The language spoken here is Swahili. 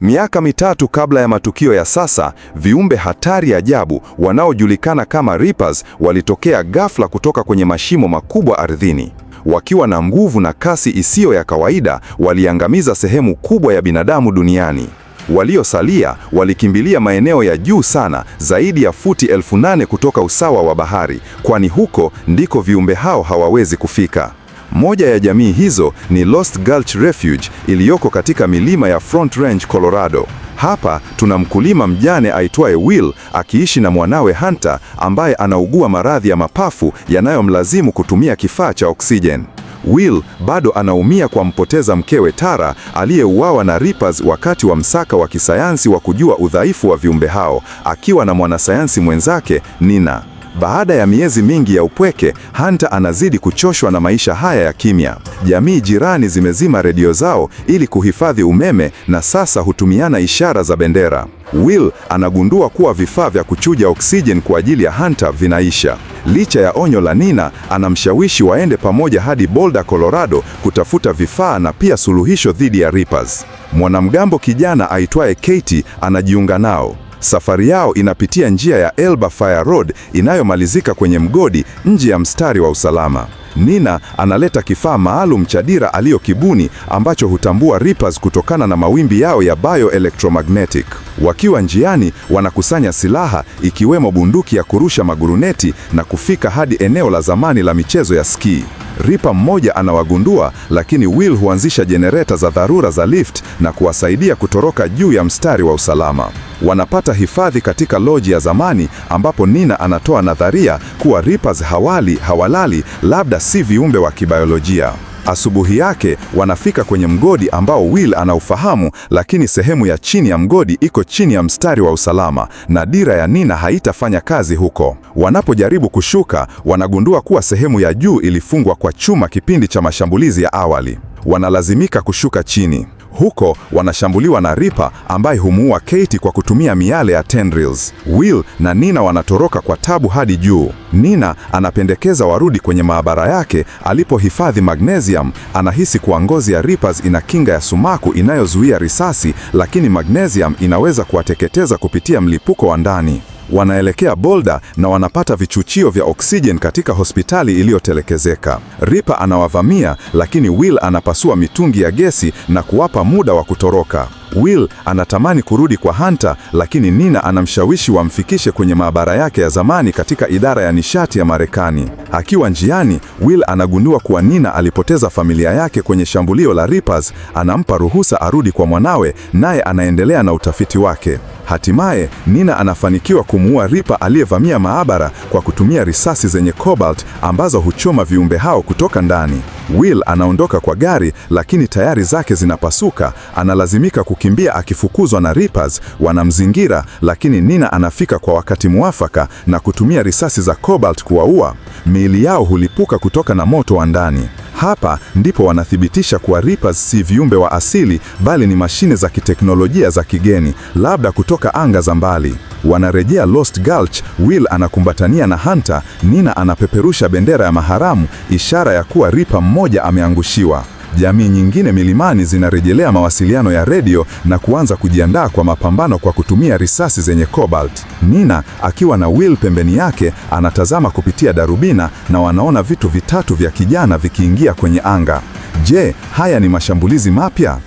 Miaka mitatu kabla ya matukio ya sasa, viumbe hatari ajabu wanaojulikana kama Reapers walitokea ghafla kutoka kwenye mashimo makubwa ardhini. Wakiwa na nguvu na kasi isiyo ya kawaida, waliangamiza sehemu kubwa ya binadamu duniani. Waliosalia walikimbilia maeneo ya juu sana, zaidi ya futi elfu nane kutoka usawa wa bahari, kwani huko ndiko viumbe hao hawawezi kufika. Moja ya jamii hizo ni Lost Gulch Refuge iliyoko katika milima ya Front Range, Colorado. Hapa tuna mkulima mjane aitwaye Will akiishi na mwanawe Hunter ambaye anaugua maradhi ya mapafu yanayomlazimu kutumia kifaa cha oksijen Will bado anaumia kwa mpoteza mkewe Tara aliyeuawa na Reapers wakati wa msaka wa kisayansi wa kujua udhaifu wa viumbe hao akiwa na mwanasayansi mwenzake Nina. Baada ya miezi mingi ya upweke, Hunter anazidi kuchoshwa na maisha haya ya kimya. Jamii jirani zimezima redio zao ili kuhifadhi umeme na sasa hutumiana ishara za bendera. Will anagundua kuwa vifaa vya kuchuja oksijeni kwa ajili ya Hunter vinaisha. Licha ya onyo la Nina, anamshawishi waende pamoja hadi Boulder, Colorado kutafuta vifaa na pia suluhisho dhidi ya Reapers. Mwanamgambo kijana aitwaye Katie anajiunga nao. Safari yao inapitia njia ya Elba Fire Road inayomalizika kwenye mgodi nje ya mstari wa usalama. Nina analeta kifaa maalum cha dira aliyokibuni ambacho hutambua Reapers kutokana na mawimbi yao ya bioelectromagnetic. Wakiwa njiani, wanakusanya silaha ikiwemo bunduki ya kurusha maguruneti na kufika hadi eneo la zamani la michezo ya ski. Ripa mmoja anawagundua, lakini Will huanzisha jenereta za dharura za lift na kuwasaidia kutoroka juu ya mstari wa usalama. Wanapata hifadhi katika loji ya zamani ambapo Nina anatoa nadharia kuwa Rippers hawali hawalali, labda si viumbe wa kibiolojia. Asubuhi yake wanafika kwenye mgodi ambao Will anaufahamu, lakini sehemu ya chini ya mgodi iko chini ya mstari wa usalama na dira ya Nina haitafanya kazi huko. Wanapojaribu kushuka, wanagundua kuwa sehemu ya juu ilifungwa kwa chuma kipindi cha mashambulizi ya awali. Wanalazimika kushuka chini. Huko wanashambuliwa na Reaper ambaye humuua Katie kwa kutumia miale ya tendrils. Will na Nina wanatoroka kwa tabu hadi juu. Nina anapendekeza warudi kwenye maabara yake alipohifadhi magnesium. Anahisi kuwa ngozi ya Reapers ina kinga ya sumaku inayozuia risasi, lakini magnesium inaweza kuwateketeza kupitia mlipuko wa ndani. Wanaelekea Boulder na wanapata vichuchio vya oksijeni katika hospitali iliyotelekezeka. Ripa anawavamia lakini Will anapasua mitungi ya gesi na kuwapa muda wa kutoroka. Will anatamani kurudi kwa Hunter lakini Nina anamshawishi wamfikishe kwenye maabara yake ya zamani katika idara ya nishati ya Marekani. Akiwa njiani, Will anagundua kuwa Nina alipoteza familia yake kwenye shambulio la Reapers. Anampa ruhusa arudi kwa mwanawe, naye anaendelea na utafiti wake. Hatimaye Nina anafanikiwa kumuua Reaper aliyevamia maabara kwa kutumia risasi zenye cobalt ambazo huchoma viumbe hao kutoka ndani. Will anaondoka kwa gari lakini tayari zake zinapasuka. Analazimika kukimbia akifukuzwa na Reapers, wanamzingira lakini Nina anafika kwa wakati muafaka na kutumia risasi za Cobalt kuwaua. Miili yao hulipuka kutoka na moto wa ndani. Hapa ndipo wanathibitisha kuwa Reapers si viumbe wa asili bali ni mashine za kiteknolojia za kigeni, labda kutoka anga za mbali. Wanarejea Lost Gulch, Will anakumbatania na Hunter, Nina anapeperusha bendera ya maharamu, ishara ya kuwa Reaper mmoja ameangushiwa. Jamii nyingine milimani zinarejelea mawasiliano ya redio na kuanza kujiandaa kwa mapambano kwa kutumia risasi zenye cobalt. Nina akiwa na Will pembeni yake anatazama kupitia darubina na wanaona vitu vitatu vya kijana vikiingia kwenye anga. Je, haya ni mashambulizi mapya?